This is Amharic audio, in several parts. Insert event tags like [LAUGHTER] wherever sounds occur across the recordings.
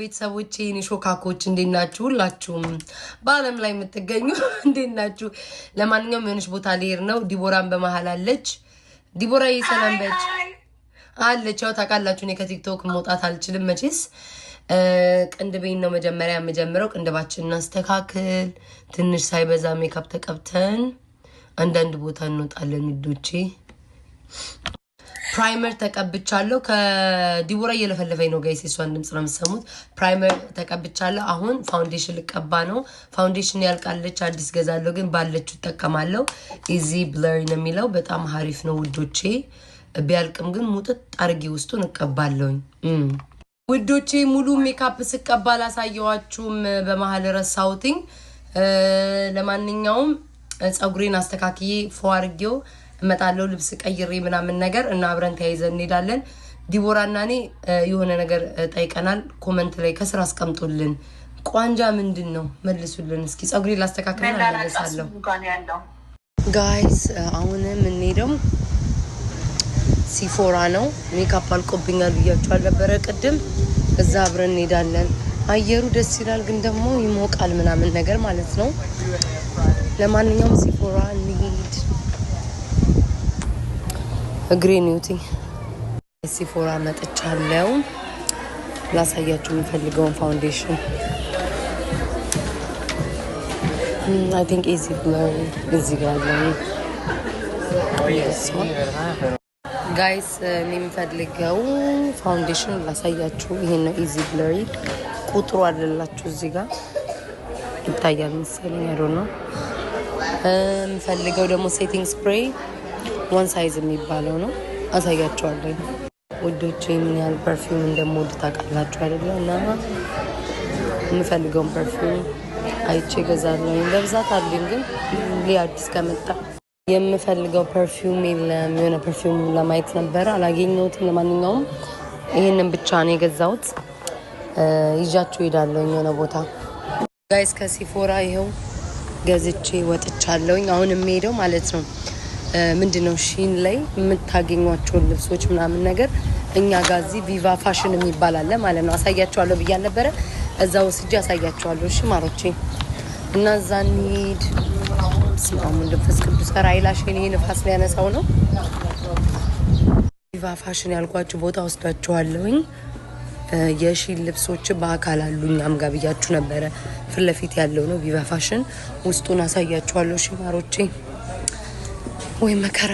ቤተሰቦቼ እኔ ሾካኮች እንዴት ናችሁ? ሁላችሁም በዓለም ላይ የምትገኙ [LAUGHS] እንዴት ናችሁ? ለማንኛውም የሆነች ቦታ ልሄድ ነው። ዲቦራን በመሀል አለች። ዲቦራ የሰላም በች አለች። ያው ታውቃላችሁ እኔ ከቲክቶክ መውጣት አልችልም መቼስ። ቅንድቤን ነው መጀመሪያ የምጀምረው። ቅንድባችን እናስተካክል። ትንሽ ሳይበዛ ሜካፕ ተቀብተን አንዳንድ ቦታ እንወጣለን ውዶቼ ፕራይመር ተቀብቻለሁ። ከዲቦራ እየለፈለፈኝ ነው ጋይስ፣ እሷን ድምፅ ነው የምትሰሙት። ፕራይመር ተቀብቻለሁ። አሁን ፋውንዴሽን ልቀባ ነው። ፋውንዴሽን ያልቃለች፣ አዲስ ገዛለሁ፣ ግን ባለችው እጠቀማለሁ። ኢዚ ብለሪ ነው የሚለው በጣም ሀሪፍ ነው ውዶቼ። ቢያልቅም ግን ሙጥጥ አርጌ ውስጡን እቀባለሁኝ ውዶቼ። ሙሉ ሜካፕ ስቀባ አላሳየዋችሁም፣ በመሀል ረሳውትኝ። ለማንኛውም ፀጉሬን አስተካክዬ ፎ አድርጌው እመጣለሁ። ልብስ ቀይሬ ምናምን ነገር እና አብረን ተያይዘን እንሄዳለን። ዲቦራና እኔ የሆነ ነገር ጠይቀናል። ኮመንት ላይ ከስር አስቀምጡልን። ቋንጃ ምንድን ነው? መልሱልን እስኪ። ፀጉሬ ላስተካክል መለሳለሁ። ጋይስ አሁን እንሄደው ሲፎራ ነው። ሜካፕ አልቆብኛል ብያቸው አልነበረ ቅድም። እዛ አብረን እንሄዳለን። አየሩ ደስ ይላል፣ ግን ደግሞ ይሞቃል ምናምን ነገር ማለት ነው። ለማንኛውም ሲፎራ እንሂድ። እግሬን ኒውቲ ሲፎራ መጥቻለሁ። ላሳያችሁ የሚፈልገውን ፋውንዴሽን አይ ቲንክ ኢዚ ብለው እዚህ ጋር ያለው ጋይስ የሚፈልገው ፋውንዴሽን ላሳያችሁ። ይሄን ነው ኢዚ ብለሪ ቁጥሩ አለላችሁ እዚህ ጋር ይታያል መሰለኝ አይዶ ነው የምፈልገው ደግሞ ሴቲንግ ስፕሬይ ዋን ሳይዝ የሚባለው ነው። አሳያቸዋለሁ ውዶች፣ ምን ያህል ፐርፊውም እንደምወድ ታውቃላችሁ አይደለ? እና የምፈልገውን ፐርፊውም አይቼ እገዛለሁ። በብዛት አለኝ ግን ሌ አዲስ ከመጣ የምፈልገው ፐርፊውም የለም። የሆነ ፐርፊውም ለማየት ነበረ አላገኘሁትም። ለማንኛውም ይህንን ብቻ ነው የገዛሁት። ይዣችሁ ሄዳለሁ የሆነ ቦታ ጋይስ ከሲፎራ ይኸው ገዝቼ ወጥቻለሁኝ። አሁን የምሄደው ማለት ነው ምንድን ነው ሺን ላይ የምታገኟቸውን ልብሶች ምናምን ነገር እኛ ጋር እዚህ ቪቫ ፋሽን የሚባል አለ ማለት ነው። አሳያቸዋለሁ ብዬ ነበረ። እዛ ወስጄ አሳያቸዋለሁ። እሺ ማሮቼ፣ እና እዛ እንሂድ። ስማ መንፈስ ቅዱስ ራይላሽን ይህ ንፋስ ሊያነሳው ነው። ቪቫ ፋሽን ያልኳቸው ቦታ ወስዳችኋለሁኝ። የሺን ልብሶች በአካል አሉ እኛም ጋር ብያችሁ ነበረ። ፊት ለፊት ያለው ነው ቪቫ ፋሽን። ውስጡን አሳያችኋለሁ ሽማሮቼ። ወይ መከራ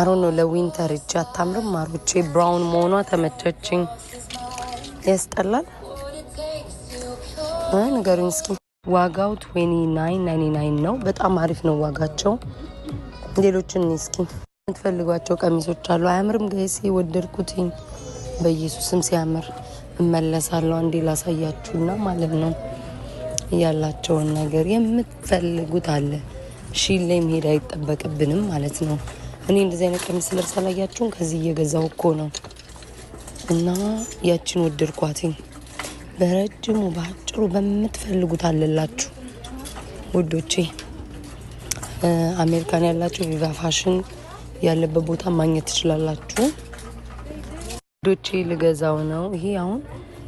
ማሮ ነው ለዊንተር እጅ አታምርም ማሮቼ። ብራውን መሆኗ ተመቸችኝ። ያስጠላል ነገሩን እስኪ ዋጋው 29.99 ነው። በጣም አሪፍ ነው ዋጋቸው። ሌሎችን እስኪ የምትፈልጓቸው ቀሚሶች አሉ። አያምርም ገይሴ ወደድኩትኝ። በኢየሱስም ሲያምር እመለሳለሁ። አንዴ ላሳያችሁና ማለት ነው ያላቸውን ነገር የምትፈልጉት አለ። ሺል ላይ መሄድ አይጠበቅብንም ማለት ነው። እኔ እንደዚህ አይነት ቀሚስ ለብሳ ላያችሁን ከዚህ እየገዛው እኮ ነው። እና ያችን ወደድኳትኝ። በረጅሙ በአጭሩ በምትፈልጉት አለላችሁ ውዶቼ። አሜሪካን ያላችሁ ቪቫ ፋሽን ያለበት ቦታ ማግኘት ትችላላችሁ። ዶቼ ልገዛው ነው። ይሄ አሁን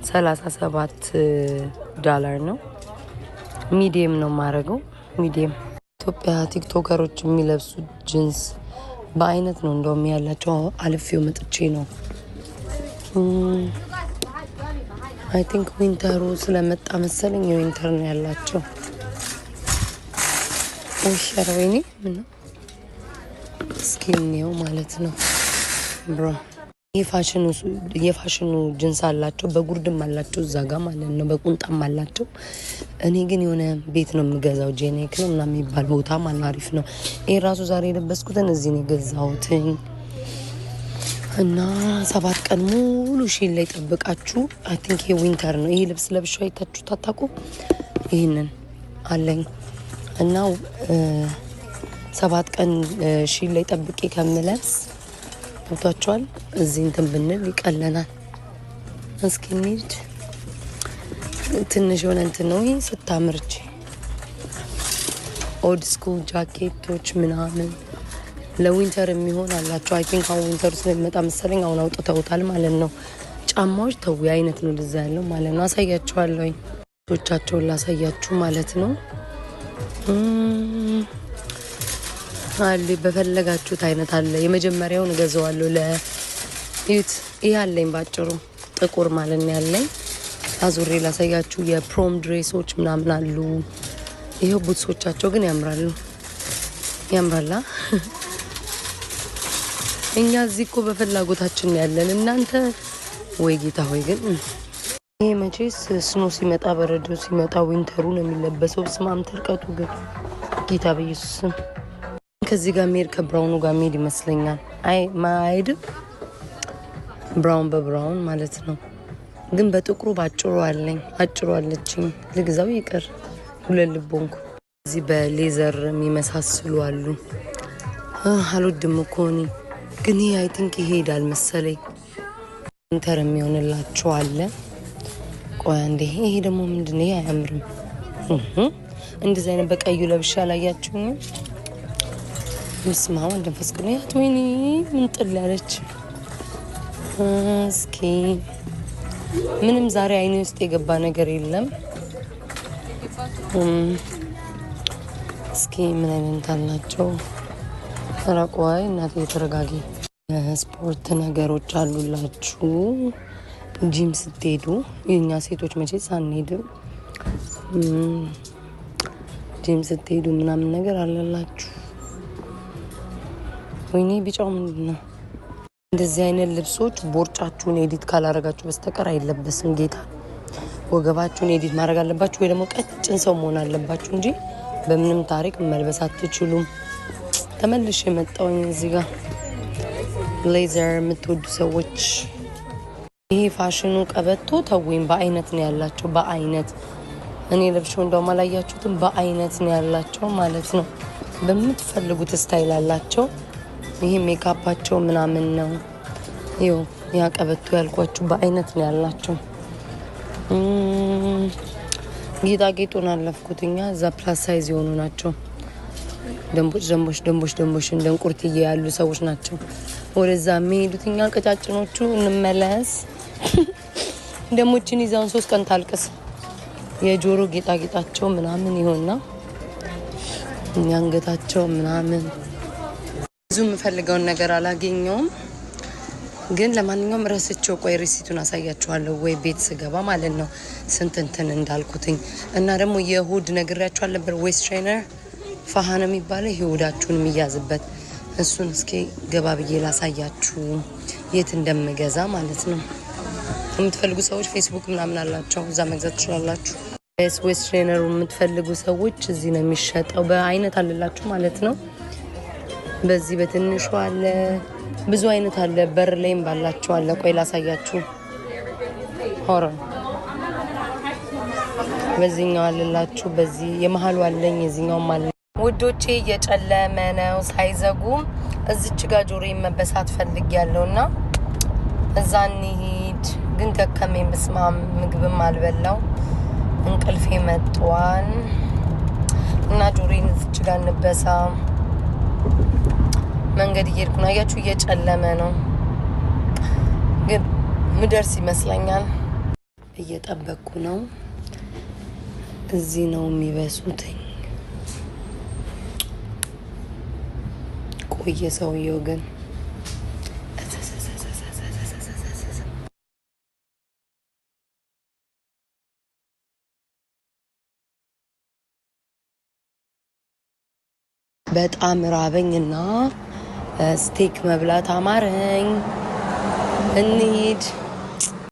37 ዳላር ነው። ሚዲየም ነው የማደርገው። ሚዲየም ኢትዮጵያ ቲክቶከሮች የሚለብሱ ጅንስ በአይነት ነው እንደውም ያላቸው። አልፌው መጥቼ ነው አይ ቲንክ ዊንተሩ ስለመጣ መሰለኝ የዊንተር ነው ያላቸው። ሸርቤኔ ምነው እስኪ ማለት ነው ብሮ የፋሽኑ ጅንስ አላቸው በጉርድም አላቸው እዛ ጋ ማለት ነው፣ በቁንጣም አላቸው። እኔ ግን የሆነ ቤት ነው የምገዛው፣ ጄኔክ ነው ምናምን የሚባል ቦታ ማለት አሪፍ ነው። ይህ ራሱ ዛሬ የለበስኩትን እዚህ ነው የገዛሁትኝ እና ሰባት ቀን ሙሉ ሺን ላይ ጠብቃችሁ አይ ቲንክ ይሄ ዊንተር ነው። ይሄ ልብስ ለብሻ አይታችሁ ታታቁ ይህንን አለኝ እና ሰባት ቀን ሺን ላይ ጠብቄ ከምለብስ ገብቷቸዋል። እዚህ እንትን ብንል ይቀለናል። እስኪ እንሂድ። ትንሽ የሆነ እንትን ነው ይህ ስታምርች ኦልድ ስኩል ጃኬቶች ምናምን ለዊንተር የሚሆን አላቸው። አይ ቲንክ አሁን ዊንተር ስለሚመጣ መሰለኝ አሁን አውጥተውታል ማለት ነው። ጫማዎች ተዊ አይነት ነው ልዛ ያለው ማለት ነው። አሳያችኋለሁ ቶቻቸውን ላሳያችሁ ማለት ነው። አሉ በፈለጋችሁት አይነት አለ። የመጀመሪያውን እገዛዋለሁ ለዩት ይህ አለኝ ባጭሩ ጥቁር ማለት ነው ያለኝ። አዙሬ ላሳያችሁ። የፕሮም ድሬሶች ምናምን አሉ። ይሄው ቡትሶቻቸው ግን ያምራሉ። ያምራላ [LAUGHS] እኛ እዚህ እኮ በፍላጎታችን ያለን እናንተ ወይ ጌታ ሆይ ግን ይሄ መቼስ ስኖ ሲመጣ በረዶ ሲመጣ ዊንተሩ ነው የሚለበሰው። ስማም ትርቀቱ ግን ጌታ በኢየሱስ ስም ከዚህ ጋር ሚሄድ ከብራውኑ ጋር ሚሄድ ይመስለኛል። አይ ማይድ ብራውን በብራውን ማለት ነው። ግን በጥቁሩ በአጭሩ አለኝ አጭሩ አለችኝ። ልግዛው ይቅር ሁለት ልብ እዚህ በሌዘር የሚመሳስሉ አሉ። አልወድም እኮ እኔ ግን ይህ አይ ቲንክ ይሄዳል መሰለኝ። ኢንተር የሚሆንላቸው አለ። ቆይ አንዴ፣ ይሄ ደግሞ ምንድን ነው? ይህ አያምርም። እንደዚህ አይነት በቀዩ ለብሻ አላያችሁኝም? በስመ አብ ወወልድ ወመንፈስ ቅዱስ። ምን ጥል አለች። እስኪ ምንም ዛሬ አይኔ ውስጥ የገባ ነገር የለም። እስኪ ምን አይነት አላቸው? ተረቋይ እናቴ የተረጋጊ ስፖርት ነገሮች አሉላችሁ። ጂም ስትሄዱ የእኛ ሴቶች መቼ ሳንሄድም ጂም ስትሄዱ ምናምን ነገር አለላችሁ ወይኔ ቢጫው ምንድን ነው? እንደዚህ አይነት ልብሶች ቦርጫችሁን ኤዲት ካላረጋችሁ በስተቀር አይለበስም። ጌታ ወገባችሁን ኤዲት ማድረግ አለባችሁ፣ ወይ ደግሞ ቀጭን ሰው መሆን አለባችሁ እንጂ በምንም ታሪክ መልበስ አትችሉም። ተመልሽ የመጣውኝ እዚህ ጋር ብሌዘር የምትወዱ ሰዎች ይሄ ፋሽኑ ቀበቶ ተወይም በአይነት ነው ያላቸው። በአይነት እኔ ለብሼው እንደውም አላያችሁትም። በአይነት ነው ያላቸው ማለት ነው። በምትፈልጉት ስታይል አላቸው። ይሄ ሜካፓቸው ምናምን ነው። ይው ያቀበቱ ያልኳችሁ በአይነት ነው ያላቸው። ጌጣጌጡን አለፍኩትኛ እዛ ፕላስ ሳይዝ የሆኑ ናቸው። ደንቦች ደንቦች ደንቦች ደንቦች እንደ እንቁርትዬ ያሉ ሰዎች ናቸው ወደዛ የሚሄዱት። እኛ ቀጫጭኖቹ እንመለስ። [LAUGHS] ደሞችን ይዛውን ሶስት ቀን ታልቅስ። የጆሮ ጌጣጌጣቸው ምናምን ይሆንና የአንገታቸው ምናምን ብዙ የምፈልገውን ነገር አላገኘውም፣ ግን ለማንኛውም ረስቸው፣ ቆይ ሪሲቱን አሳያችኋለሁ ወይ ቤት ስገባ ማለት ነው ስንት እንትን እንዳልኩትኝ እና ደግሞ የእሁድ ነግሬያችኋል ነበር ዌስ ትሬነር ፋሃ ነው የሚባለው። ይሄ የሚያዝበት እሱን እስኪ ገባ ብዬ ላሳያችሁ የት እንደምገዛ ማለት ነው። የምትፈልጉ ሰዎች ፌስቡክ ምናምን አላቸው፣ እዛ መግዛት ትችላላችሁ። ዌስ ትሬነሩ የምትፈልጉ ሰዎች እዚህ ነው የሚሸጠው። በአይነት አለላችሁ ማለት ነው። በዚህ በትንሹ አለ፣ ብዙ አይነት አለ። በር ላይም ባላችሁ አለ። ቆይ ላሳያችሁ። ሆረ በዚህኛው አለላችሁ። በዚህ የመሀሉ አለኝ፣ የዚህኛውም አለ። ውዶቼ እየጨለመ ነው፣ ሳይዘጉ እዚች ጋ ጆሮዬን መበሳት ፈልግ ያለው እና እዛ እንሂድ ግን ደከመኝ። በስመ አብ ምግብም አልበላው እንቅልፌ መጧን እና ጆሮዬን እዚች ጋ እንበሳ መንገድ እየሄድኩ ነው። አያችሁ፣ እየጨለመ ነው፣ ግን ምደርስ ይመስለኛል። እየጠበቅኩ ነው። እዚህ ነው የሚበሱት ቆየ ሰውየው ግን በጣም ራበኝ እና ስቴክ መብላት አማረኝ፣ እንሂድ